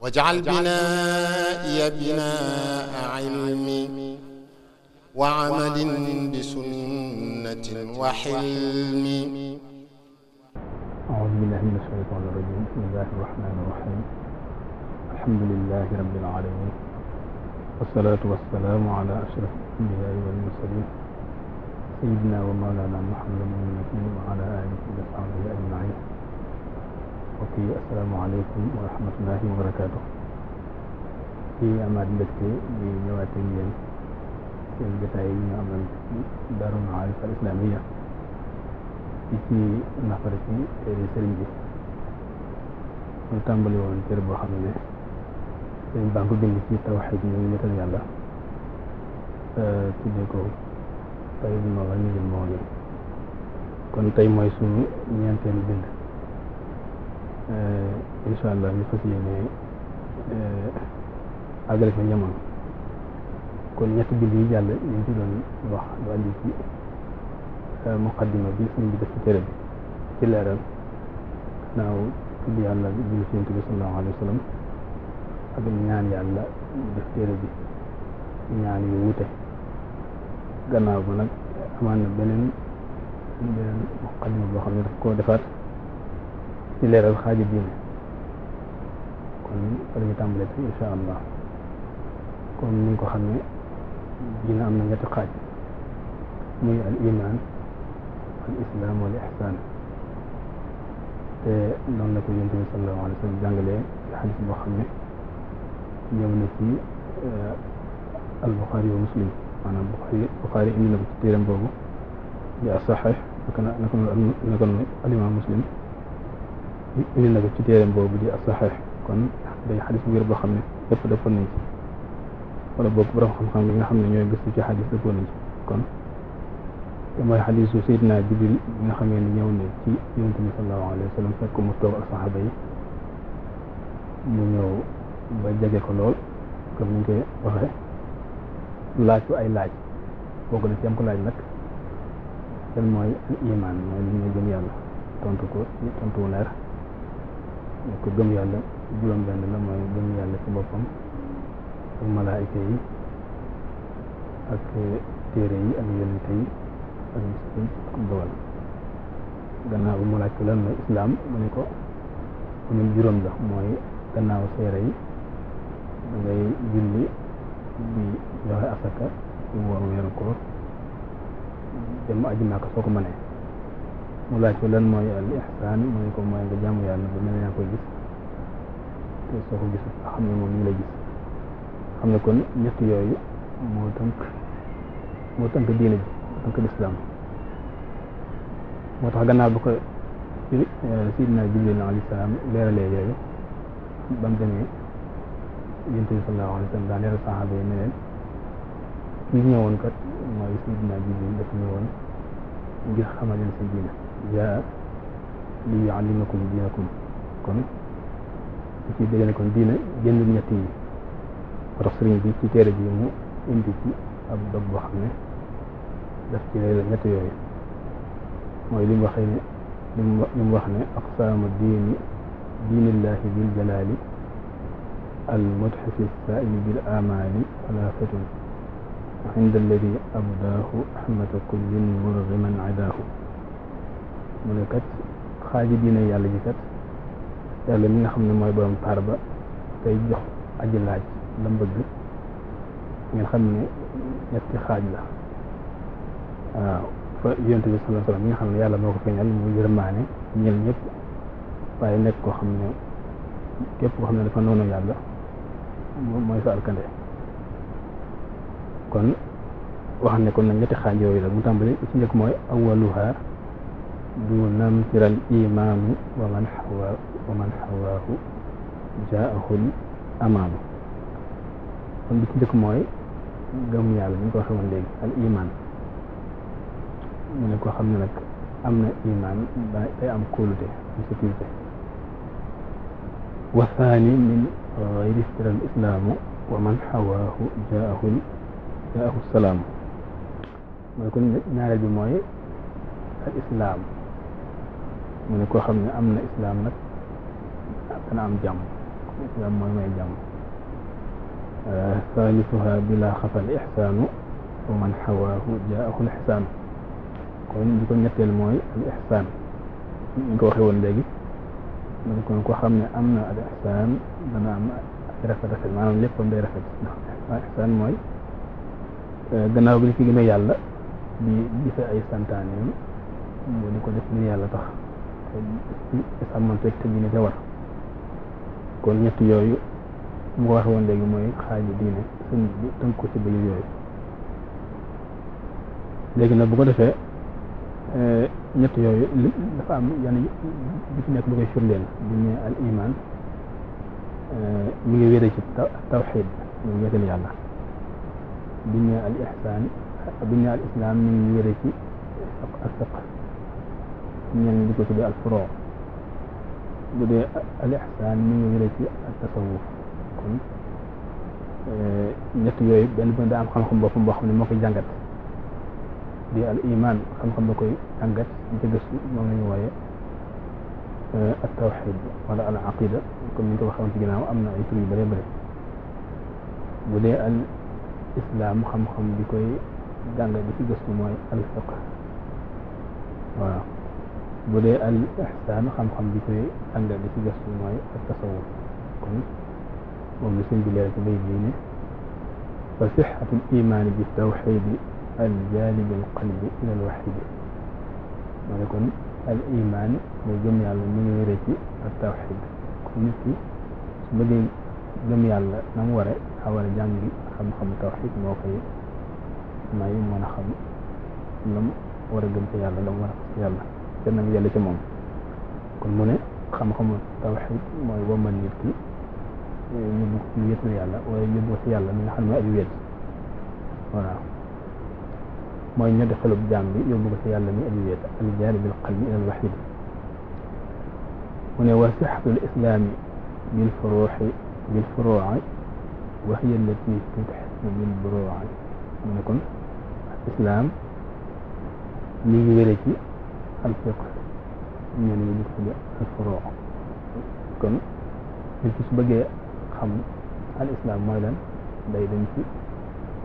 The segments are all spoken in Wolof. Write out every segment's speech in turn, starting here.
واجعل بنائي بناء علم وعمل بسنة وحلم أعوذ بالله من الشيطان الرجيم بسم الله الرحمن الرحيم الحمد لله رب العالمين والصلاة والسلام على أشرف الأنبياء والمرسلين سيدنا ومولانا محمد بن وعلى آله وصحبه أجمعين mbokk yi asalaamaaleykum wa rahmatullahi wa barakaatu ci amaat mbégte di ñëwaat ak yéen seen jotaay yi ñu amal ci Daaru Maarif al Islamiya ci ci nafar ci sëriñ bi ñu tàmbali woon téere boo xam ne sëriñ baa ngi ko bind ci tawxiid ñu wéetal yàlla tuddee ko Faydul Maghâniyil Mawlûda kon tey mooy suñu ñeenteelu bind Euh, incha allah ñu fas yéene euh, àggale fa ñamoon kon ñetti bind yi jàll ñu ci doon wax euh, muqaddima bi suñ bi def ci téere bi ci leeral naaw tudd yàlla julli ci Yonent bi sallallahu alayhi wa sallam ak ñaan yàlla def téere bi ñaan yu wute gannaaw ba nag amaan na beneen muqaddima boo xam ne daf koo defaat ci leeral xaaju diine kon fa la ñu tàmbalee tey incha allah kon ni nga ko xam ne diine am na ñetti xaaj muy al iman al islam wal ihsan te noonu la ko yonent bi sallallahu alayhi wa sallam jàngalee ci xadis boo xam ne ñëw na ci euh, al buxaari wa muslim maanaam buxaari buxaari indi na ko ci téeram boobu di as saxeex naka naka noonu al imaam muslim indi na ko ci téeram boobu di asaxeex kon day xadis bu boo xam ne lépp dëppoon nañ ci wala boog borom xam yi nga xam ne ñooy gëstu ci xadis dëppoon nañ ci kon te mooy xadisu Seydina Jibril bi nga xamee ni ñëw ne ci yonent bi sallallahu alayhi wa sallam fekk mu toog ak saxaaba yi mu ñëw ba jege ko lool comme ni ñu koy waxee laaj ko ay laaj bokk na ci ko laaj nag lan mooy iman mooy li ñu gëm yàlla tontu ko tontu wu leer ne ko gëm yàlla juróom-benn la mooy gëm yàlla ci boppam ak yi ak téere yi ak yonente yi ak bis bi ak dogal gannaaw bu mu laaj ko lan islaam mu ne ko amul juróom la mooy gannaaw seere yi da ngay julli di joxe asaka di woor weeru koor dem aju Makka soo ko manee mu laaj ko lan mooy al ihsaan mu ko mooy nga jàmm yàlla ba mel yaa koy gis te soo ko gisut xam ne moom ñu la gis xam ne kon ñett yooyu moo tënk moo tënk diine ji moo tënk lislaam moo ko eh, sidna Jibril alayhi salaam leeralee yooyu ba mu demee yonent bi sallallahu alayhi wa sallam daa leeral saxaaba yi ne leen mooy sidna Jibril dafa ñëwoon ngir xamal leen seen diine jaa li yuallimakum diinakum kon ci ciy dégg ne kon diina jënd ñett yi moo tax sëriñ bi ci téere bi mu indi ci ab dog boo xam ne daf ci lay la ñett yooyu mooy li mu waxee ne li mu wax ne aqsaamu diini diinillahi bil jalaali al mutxifi saa'ili bil amaali alaafatun wa inda alladi abdaahu ahmata kullin murgiman adaahu mu ne kat xaaji diine yàlla ji kat yàlla mi nga xam ne mooy borom taar ba tey jox aji laaj la mbëgg ngeen xam ne ñetti xaaj la waaw fa yonent bi sallallahu alayhi wasallam mi nga xam ne yàlla moo ko feeñal mu yërmaane ñeel ñëpp waaye nekk koo xam ne képp koo dafa noonu yàlla mooy sa alkande kon wax ne kon nag ñetti xaaj yooyu la mu tàmbali ci njëkk mooy awaluha duuna mtira al imaamu wa man xawa wa man xawaahu jaahul amaamu kon bi ci njëkk mooy gëm yàlla ñu ko waxe woon léegi al iman mu ne ko xam ne nag am na iman ba day am kóolute am sécurité wa thani min gayri istira al islaamu wa man xawaahu jaahul jaahu salaamu mu ne kon ñaareel bi mooy al islaam mu ne koo xam ne am na islaam nag dana am jàmm islaam mooy may jàmm saalisuha bila xafal ixsaanu wa man xawaahu jaahu l ixsaan kon bi ko ñetteel mooy al ixsaan ko waxee léegi donc kon ko xam ne am na al ixsaan dana am rafet rafet maanaam léppam day rafet ndax al mooy eh, gannaaw bi ci gëmee yàlla di gise ay santaaneem di ko def ngir yàlla tax te sàmmanteeg tëgg ni ca war kon ñett yooyu mu ko waxe woon léegi mooy xaaju diine sëñ bi tënk ko ci biir yooyu léegi nag bu ko defee eh, ñett yooyu li dafa am yenn bi ci nekk lu koy firndeel bi ñu al eh, ngi wéere ci tawxid ñu wéetal yàlla bi ñu al ihsaan bi ngi wéere ci ak ñenn di ko tuddee al furoo bu dee al eh, yooyu benn daa am xam boo xam ne moo koy jàngat di al iman xam ba koy jàngat di gëstu moom la ñu wooye eh, al tawxid wala al aqida comme ni ko waxoon ci ginnaaw am na ay tur yu bëree bu dee al islaam xam-xam bi koy jàngat di ci gëstu mooy al fiq waaw bu dee al ihsaan xam-xam bi koy àndal di ci gëstu mooy ak tasawuf kon moom la sëñ bi leer ci bay bii ne fa sixatul imaani bi tawxidi al jaalibi al qalbi ila al waxidi ma ne kon al imaan mooy gëm yàlla mu ngi wéree ci ak tawxid kon gëm yàlla na mu waree daa a jàngi xam-xam tawxid moo koy may mën a xam lam war a gëm ci yàlla lam war a yàlla te nag yàlla ci moom kon mu ne xam-xamu tawxid mooy wamal nit ki yóbbu ci wéetal yàlla waaye yóbbu ci yàlla mi nga xam ne ay wéet waaw mooy ñetti xelub jaam bi yóbbu ko ci yàlla mi ay wéet al jaari bil qalbi ila al waxid mu ne wa sixatu l islaami bil furuuxi bil furuuci wa hiya allati tutxasu bil buruuci mu ne kon islaam mi ngi wére ci alfiq ñeen ñi ñu ko tudde alfuroo kon nit ki su bëggee xam al islam mooy lan day dem ci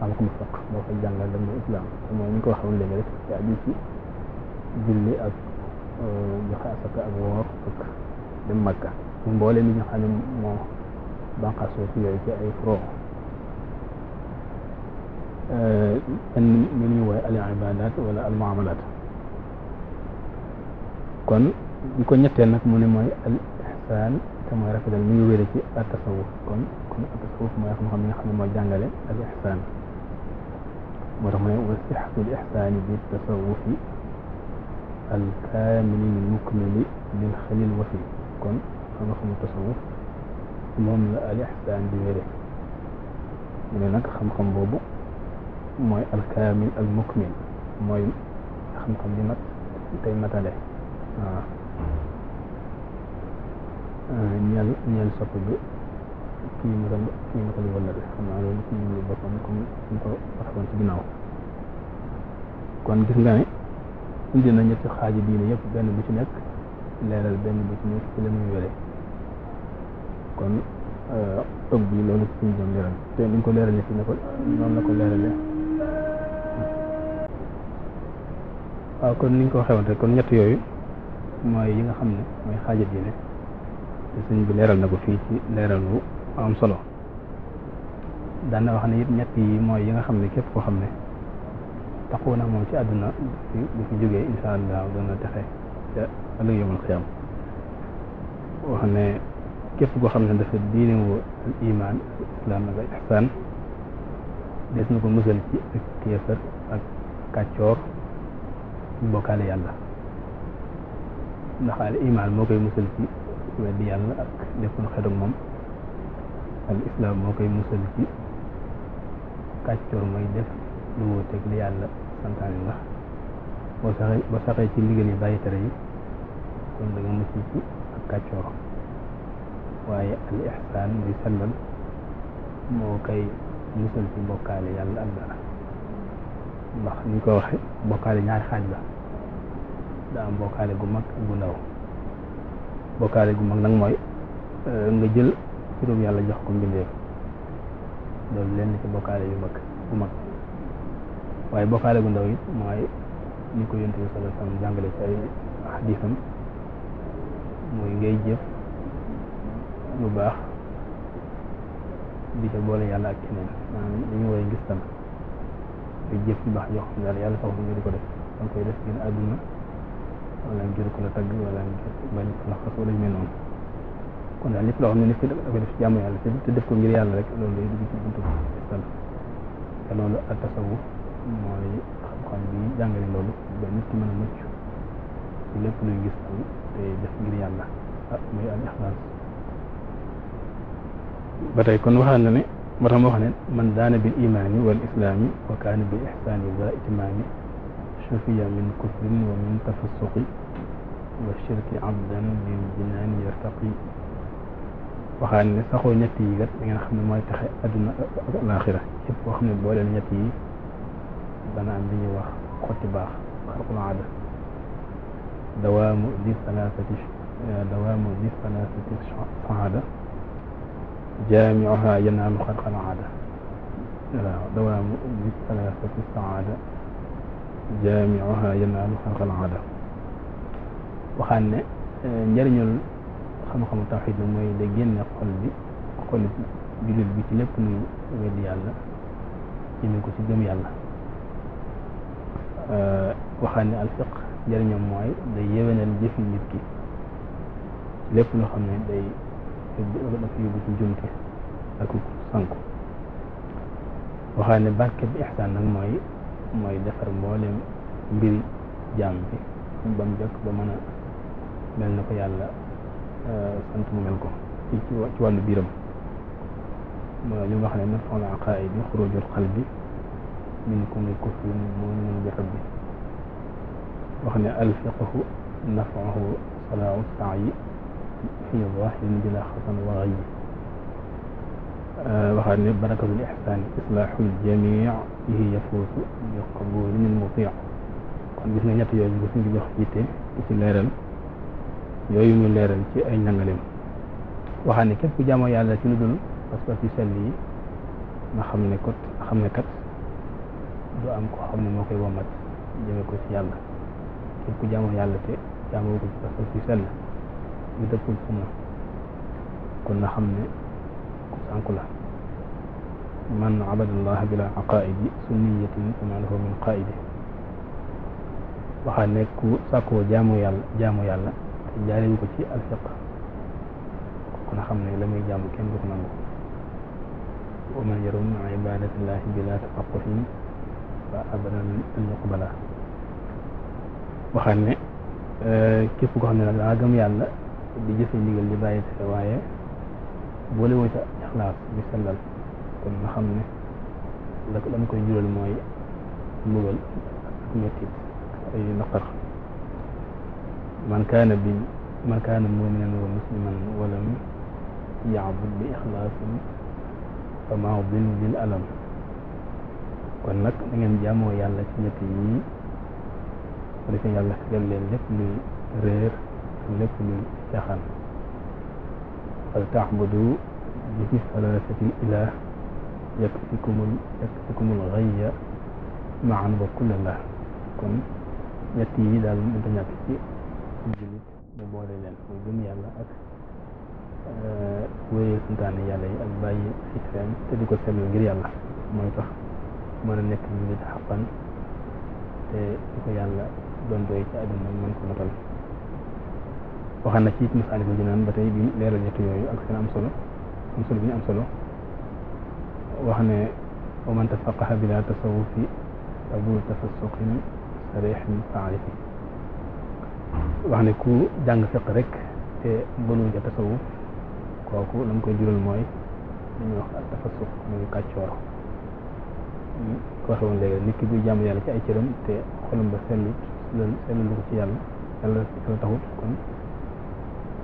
am ko mu fekk moo koy jàngal lan mooy islam te mooy ñu ko waxoon léegi rek te aju julli ak euh, joxe asaka ak woor ak dem màkka mboole mi nga xam ne moo yooyu ci ay furoo euh, kenn ñu ñu wooye al ibadat wala al muamalat kon ñi ko ñetteel mu ne mooy al ihsaan rafet mooy rafetal mi ngi wére ci at tasawuf kon kon at tasawuf mooy xam-xam yi nga xam mooy jàngale al ihsaan moo tax mu ne wa sixatul ihsaani kon xam-xamu tasawuf moom la al ihsaan di wére mu ne nag xam-xam boobu mooy al kaamil al mukmil mooy xam-xam bi mat tey matale waaw ah. ah, ñeel ñeel sopp gi kii ma ko kii ma ko ñu wëllëre xam naa loolu ci ñun lu boppam ginnaaw kon gis nga ne indi na ñetti xaaji diine yëpp benn bu ci nekk leeral benn bu ci nekk ci la muy wéree kon ah, ëpp bi loolu ci ñu leeral te ni ñu ko leeralee fii ne ko noonu la ko leeralee waaw kon ni ñu ko waxee woon rek kon ñett yooyu mooy yi nga xam ne mooy xaaja diine te sëñ bi leeral na ko fii ci leeral bu am solo daan wax ne it ñett yi mooy yi nga xam ne képp koo xam ne taxu na moom ci àdduna bu fi jógee insha allah dana texe ca ëllëg yawmal qiyaam wax ne képp koo xam ne dafa diine woo al iman islam ak ihsan des na ko musal ci ak kéefër ak kàccoor bokkaale yàlla ndax al iman moo koy musal ci weddi yàlla ak nekkul xetuk moom al islaam moo koy musal ci kàccoor mooy def lu wuuteeg li yàlla santaane ndax boo saxee boo saxee ci ndigal bàyyi tere yi kon da nga ci ak kàccoor waaye al ihsaan muy sellal moo koy musal ci bokkaale yàlla ak dara ndax ni ko waxe bokkaale ñaari xaaj la daa am bokkaale gu mag ak gu ndaw bokkaale gu mag nag mooy euh, nga jël turam yàlla jox ko mbindeef loolu lenn ci bokkaale yu mag gu mag waaye bokkaale gu ndaw it mooy ni ko yonent bi sallallahu alayhi jàngale ci ay xadiisam mooy ngay jëf lu baax di ca boole yàlla ak keneen maanaam dañu war a gis tam ngay jëf lu baax jox ko yàlla yàlla taxul nga di ko def danga koy def ngir àdduna wala ngir ku la tagg wala ngir la xas wala ñu mel noonu kon daal lépp loo xam ne nit ki da ko def jàmm yàlla te def ko ngir yàlla rek loolu day dugg ci buntu sell te bi jàngale loolu lépp luy gis ko te def ngir yàlla ah muy al ixlaas ba tey kon waxaan na ne ba tax ma wax ne man daana bi imaani wal islaami wa kaana bil ixsaani wa itimaami شفي من كفر ومن تفسق والشرك عبدا بالجنان يرتقي waxaan ne saxoo ñett yi kat da ngeen xam ne mooy texe adduna ak alaaxira képp koo xam ne booleel ñett yi dana am li ñuy wax xotti baax xarqul aada dawaamu di salaasati dawaamu di salaasati saada jaamiuha yanaalu xarqal aada waaw dawaamu di salaasati saada jaamiuha yanaalu xalqal aada waxaan ne eh, njëriñul xam-xamu tawxiid la mooy da génne xol bi xol jullit bi ci lépp muy weddi yàlla ko ci gëm yàlla eh, waxaan ne alfiq day yéwénal jëfi nit ki lépp loo xam ne day dafa yóbbu njumte ak sanku waxaan ne barke bi nag mooy mooy defar mboolem mbiri jaam bi ba mu jëkk ba mën a mel na ko yàlla euh, sant mu mel ko ci ci wàllu biiram li mu wax ne nafxul aqaidi xurujul qalbi min kulli kufrin mu'minin bi rabbi wax ne alfiqhu nafxuhu salaahu saayi fi zahirin bila xasan wa xayyi euh, waxaat ne barakatul ihsaan islaaxul jamii bihi yafuusu bi qabuuli min mutii kon gis nga ñett yooyu gis nga jox yitte di ci leeral yooyu muy leeral ci ay njàngaleem waxaan ne képp ku jaamoo yàlla ci lu dul parce que ci sell yi nga xam ne kot xam ne kat du am ko xam ne moo koy womat jëme ko ci yàlla képp ku jaamoo yàlla te jaamoo ko ci parce que ci sell ñu dëppul sunna kon na xam ne ku sànku la man abada allaha bila aqaidi sunniyatin fa ma lahu min qaidi waxaa nekk ku sàkkoo jaamu yàlla jaamu yàlla te jaarewu ko ci alfiq kon xam ne la muy jaamu kenn du ko nangu wa man yarum ibadatillahi bila tafaquhin fa abadan an yuqbala waxaa ne eh, képp koo xam ne nag dangaa gëm yàlla di jëfe ndigal di bàyyi tere waaye boole woo ca ixlaas bi sellal kon nga xam ne la ko dama koy jural mooy mbugal ak mettit ay naqar man kaana bi man kaana muminan wa musliman walam yaabud bi ixlaasin fa maadin bil alam kon nag da ngeen jaamoo yàlla ci ñett yi bu defee yàlla fegal leen lépp luy réer ak lépp luy caaxaan fal taabudu bi fi salasati ilah yakfikumul yakfikumul xayya maan wa kulla la kon ñett yi daal mënta ñàkk ci jullit mu boole leen muy gëm yàlla ak eh, wéyee santaane yàlla yi ak bàyyi fitreem te di ko seetlu ngir yàlla mooy tax mën a nekk xaqan te di yàlla doon doy ci àdduna ko matal waxaan na ci it masaalikul jinaan ba tey bi leeral ñett yooyu ak seen am solo am solo am solo wax ne wa man tafaqaha bila tasawufi abu tafassuqin sarixin faarifi wax ne ku jàng fiq rek te mënu ja tasawuf kooku la mu koy jural mooy li ñuy wax ak tafassuq muy kàccoor ko waxee woon léegi nit ki buy jàmm yàlla ci ay cëram te xolam ba sellut sellulu ko ci yàlla yàlla yàlla taxut kon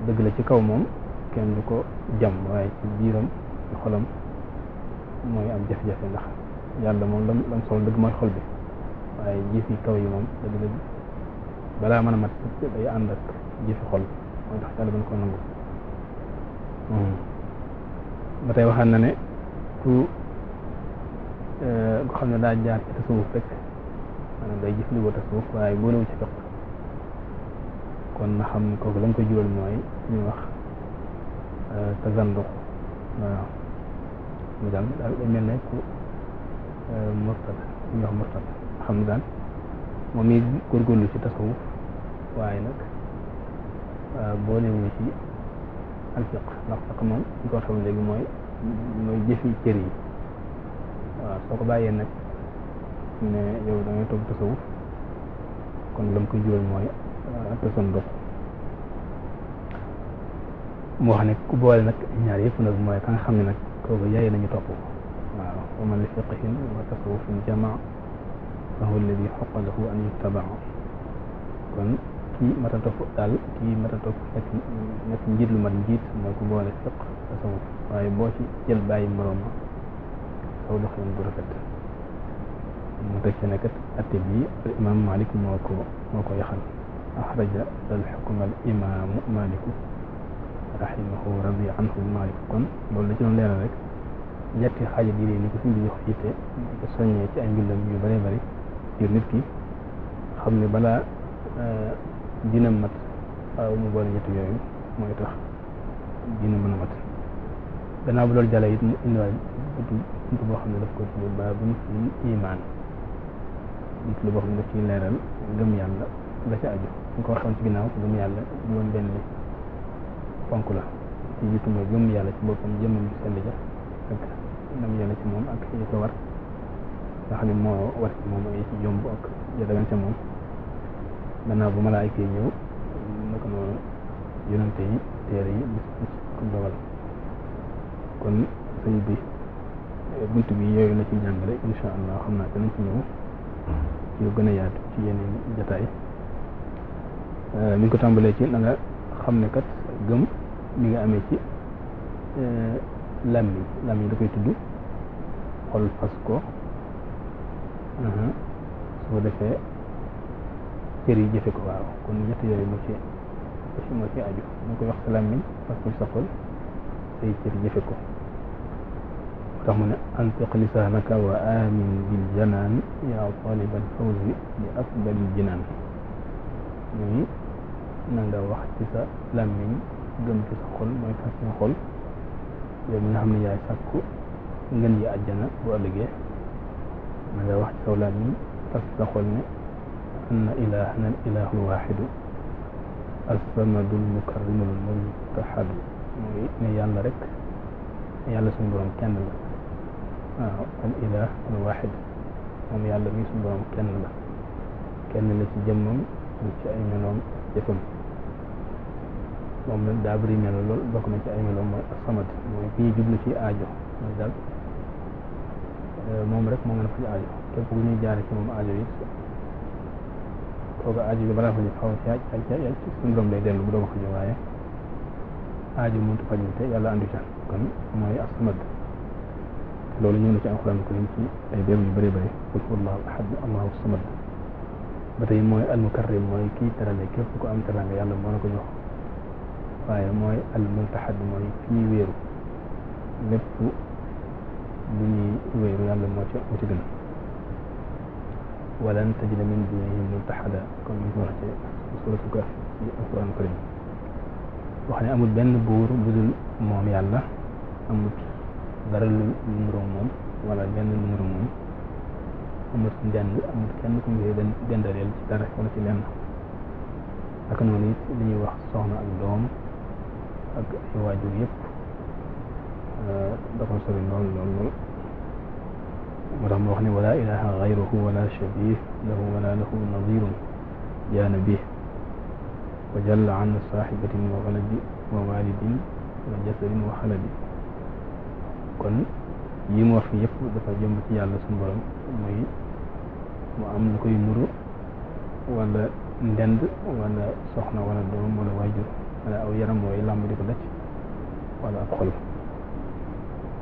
dëgg la ci kaw moom kenn du ko jàmm waaye ci biiram ci mooy am jafe-jafe ndax yàlla moom lam lam solo dëgg mooy xol bi waaye jëfi kaw yi moom dëgg balaa mën a mat day ànd ak jëfi xol mooy tax yàlla mën ko nangu hmm. ba tey waxaan na ne ku euh, ko xam ne daa jaar ci day gis li ko tasawuf waaye boolewu ci kon na xam ne kooku la ko koy jural mooy ñu wax euh, tazanduq waaw mu daal daal day mel ne ku murtad ñu wax murtad xam ne daal moom mi góorgóorlu ci tasawuf waaye nag boolewu ci alfiq ndax fiq moom ñu ko xam léegi mooy mooy jëfi cër yi waaw soo ko bàyyee nag ne yow da ngay toog tasawuf kon lam koy jural mooy tasanduq mu wax ne ku boole nag ñaar yëpp nag mooy ka nga xam ne nag kooku yaay nañu topp waaw wa man li fiqhin wa tasawufin jamaa fa huwa alladi xaqa lahu an yuttabaa kon kii mat a topp daal kii mat a topp fekk nekk njiit lu mat njiit mooy ku boole fiq tasawuf waaye boo ci jël bàyyi moroom ma saw doxalin bu rafet mu teg ci nekkat atte bi al imam malik moo ko moo ko yaxal axraja al xukma al imaamu maliku rahimahu rabi anhu maalik kon loolu la ci doon leeral rek ñetti xaaja diine ni ko suñ bi jox yitte soññee ci ay mbindam yu bare bëri ngir nit ki xam ne balaa eh, dina mat waaw mu boole ñett yooyu mooy tax dina mën a mat gannaaw bu loolu jàllee it mu indiwaat buntu buntu boo xam ne daf ko tudd baabun fil imaan buntu la boo xam ne daf ciy leeral ngëm yàlla la ca aju ñu ko waxoon ci ginnaaw ngëm yàlla juróom benn fonk la ci jiitu mooy jëmm yàlla ci boppam jëmmam sell ja ak ndam yàlla ci moom ak yi ko war nga xam ne ak ya dagan ca bu yooyu la ci jàngale insha allah xam naa danañ ci ñëw gën a yaatu ci yeneen jataay euh, ko tàmbalee ci na nga xam ne kat gëm mi nga amee ci làmmiñ euh, lami da koy tudd xol fas ko su defee cër yi jëfe ko kon ñett yooyu moo ci moo ci aju ñu koy wax sa làmmiñ fas ko sa xol say ko tax mu ne antiq lisaanaka wa amin bil janaan yaa talibal fawzi li afdalil jinaan ñuy na nga wax ci sa làmmiñ gëm ci sa xol mooy fas sa xol yow mi nga yaay sàkku ngeen yi àjjana bu ëllëgee na nga wax ci saw laaj yi fas sa xol ne anna ilahana al ilahu waxidu assamadul mukarrimul mumtahadu mooy ne rek yàlla suñu borom kenn la waaw al ilah al waxid moom yàlla mi suñu borom kenn la kenn la ci jëmmam ci ay menoom jëfam moom nag daa bëri melo lool bokk ci ay melo mooy ak samat mooy kii jublu ci aajo mooy euh, moom rek moo mën a faj aajo ku ñuy jaar ci moom aajo yi kooku ajo bi balaa fa ñu xaw a yaaj yaaj yaaj doom lay dellu bu doon wax ñu waaye aajo mënut a faju te yàlla andu ca mooy ak samat loolu ñëw na ci alxuraan karim ci ay béew yu bëri bëri qul huwa allahu ahad allahu samad ba tey mooy almukarrim mooy kii terale képp ku am teranga yàlla moo la ko jox waaye mooy al mooy fii wéeru lépp lu ñuy yàlla moo ci moo ci gën walan tajida min dunihi multahada ko wax ci suratul kahf ci alquran wax ne amul benn buur bu dul yàlla amul dara lu numéro moom wala benn numéro moom amul ndend amul kenn ku ci dara wala ci lenn ak noonu li wax soxna ak doom ak ay waajur yëpp da ko sori lool lool lool moo tax mu wax ne wala ilaha gayruhu wala shabih lahu wala lahu nadirun ya nabi wa jalla an saaxibatin wa waladi wa walidin wa jasadin wa xaladi kon yi mu wax fi yëpp dafa jëm ci yàlla suñu borom muy mu am lu koy nuru wala ndend wala soxna wala doom wala waajur wala aw yaram mooy làmb di ko daj wala ak xol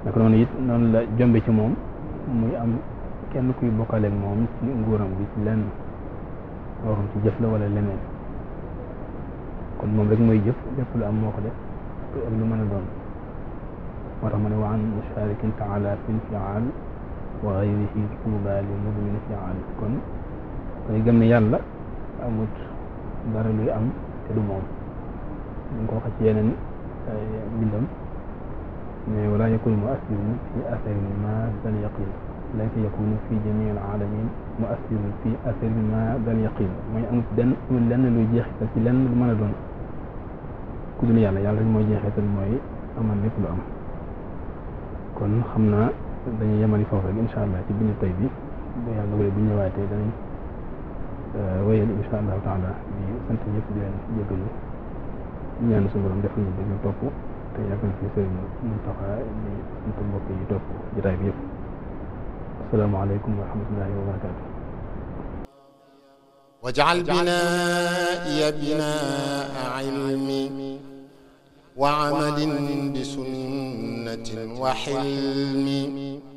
naka noonu noonu la jombe ci moom muy am kenn kuy bokkaleeg moom ci nguuram bi ci lenn moo ci jëf la wala leneen kon moom rek mooy jëf lépp lu am moo ko def ak lu mën a doon moo tax ma ne wa an musharikin taala fil fial wa gayrihi tuuba li mudmin kon koy gëm ne yàlla amut dara luy am te moom ñu ngi ko waxee ci yeneen ay mbindam mais wala yakunu muassirun fi asarin ma dal yaqin laysa yakunu fi jamii al alamin muassirun fi asarin ma dal yaqin mooy amul benn amul lenn luy jeexital ci lenn lu mën a doon ku dul yàlla yàlla rek mooy jeexital mooy amal lépp lu am kon xam naa dañuy yemali foofu rek incha allah ci bindu tey bi bu yàlla dogalee bu ñëwaatee danañ euh, wéyal incha allahu taala di sant ñëpp di leen jégalu ñaan suñu borom defal ñu dégg topp te yàggal fi sëriñ Mountakha di sant mbokk yi topp jotaay bi yëpp asalaamaaleykum wa rahmatullahi wa barakaatu واجعل بنائي بناء علم وعمل بسنة وحلم